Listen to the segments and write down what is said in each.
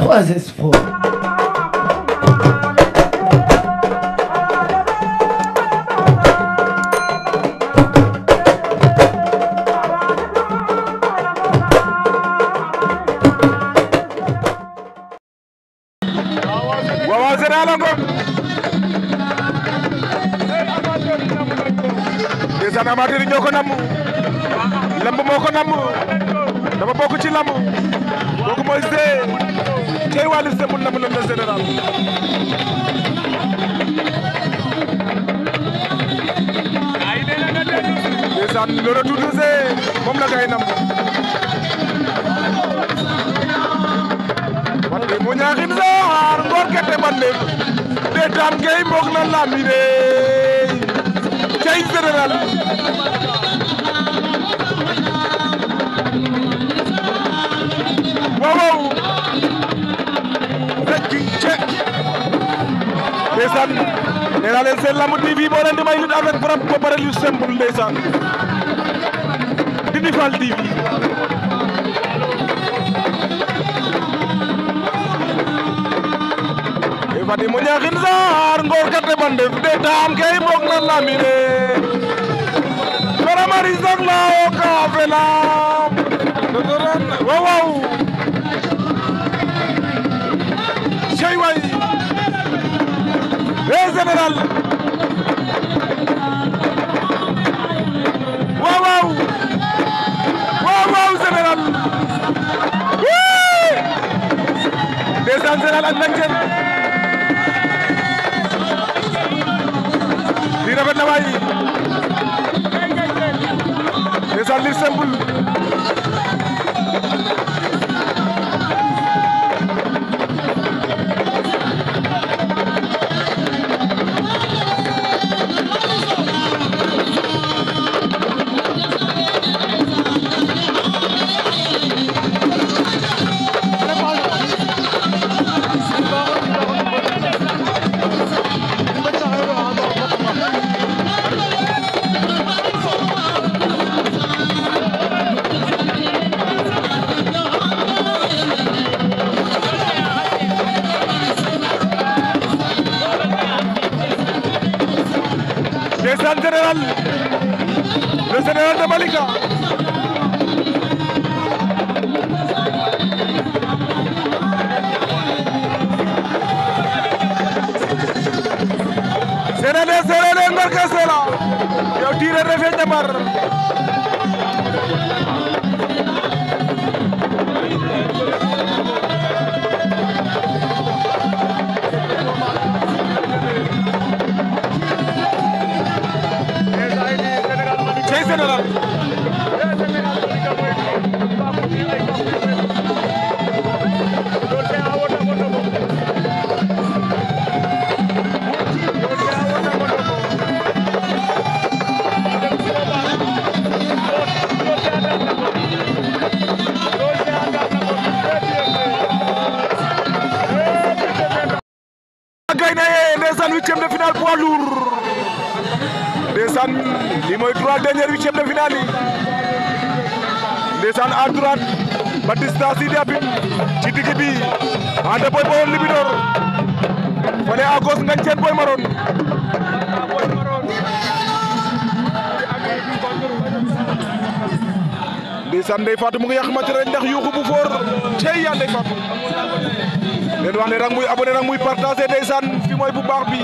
Trois espoirs. Ndeysaan amateur yi ñoo ko namm lamb moo ko namm dafa bokk ci lamb kooku mooy tey Wally Seck na mu le général ay de la nga dégg ndeysaan le retour de Zé moom la gay nam wante mo ñaaxin la xaar ngor kete bande deetaan gay mbok na lamine cey général naa leen seen lamb TV moo leen di may lutte avec frappe ba pare lu simple ndeysaan Didi Fall TV e fadi saar ngoor katte bandef de taam ke i mbog na lamine faramari sang la o ka felam waaw waaw ee général waaw waaw waaw waaw général wii ndeysaan général ak lii rafet na waay ndeysaan lii simple général le général de Malika séeréer séeréer Ngor Kessé la yow tiire refee ñamar dernier huitième de finale yi ndeysaan à droite Batista Sidi ci digg bi Anta Boy Baol Libidor fale à gauche Ngagne Sène Boy Maroon ndeysaan mu ngi yàq match yuuxu bu foor tey yaa Ndeye Fatou leen wax muy abonné rang muy partagé ndeysaan fi mooy bu baax bi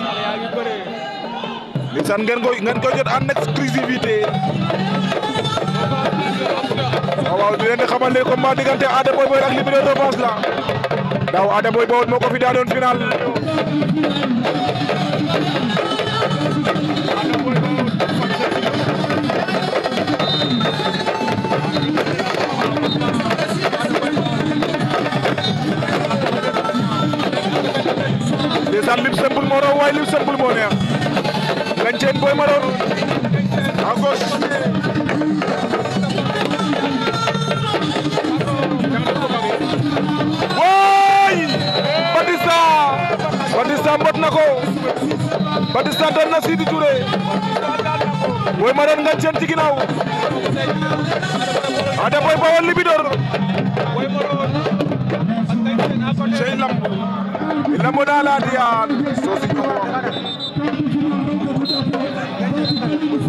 ndeysaan ngeen ngeen koy jot en waaw waaw di leen di xamal diggante Ada Boy Baol ak Libidor revanche la daaw Ada Boy Baol moo ko fi daanoon final ndeysaan lim simple moo raw waaye lim simple moo neex Ganchen Boy Batista Batista mbot na ko Batista doon na Sidi Touré Boy Maroon Ganchen ci ginnaaw ada Boy Bawol Libidor cey lamb lamb daa laa diyaat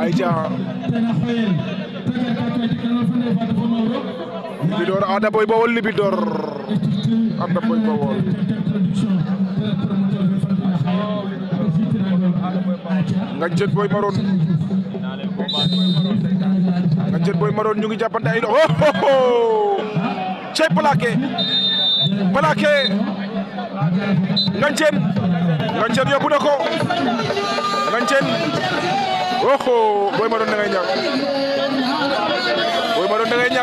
Aïcha Libidor Ada Boy Baol Libidor Ada Boy Baol Ngajet Boy Maroon Ngajet Boy Maroon ñu ngi jàppante ay do ho ho ho Ngagne Thene Ngagne Thene yóbbu na ko Ngagne Thene oho Boy Maroon da ngay ñàkk Boy Maroon da ngay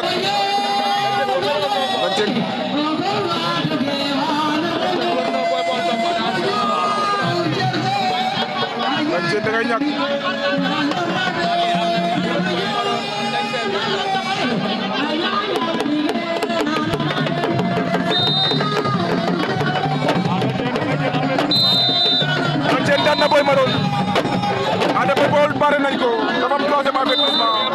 démarré nañ ko dafa am troisième avertissement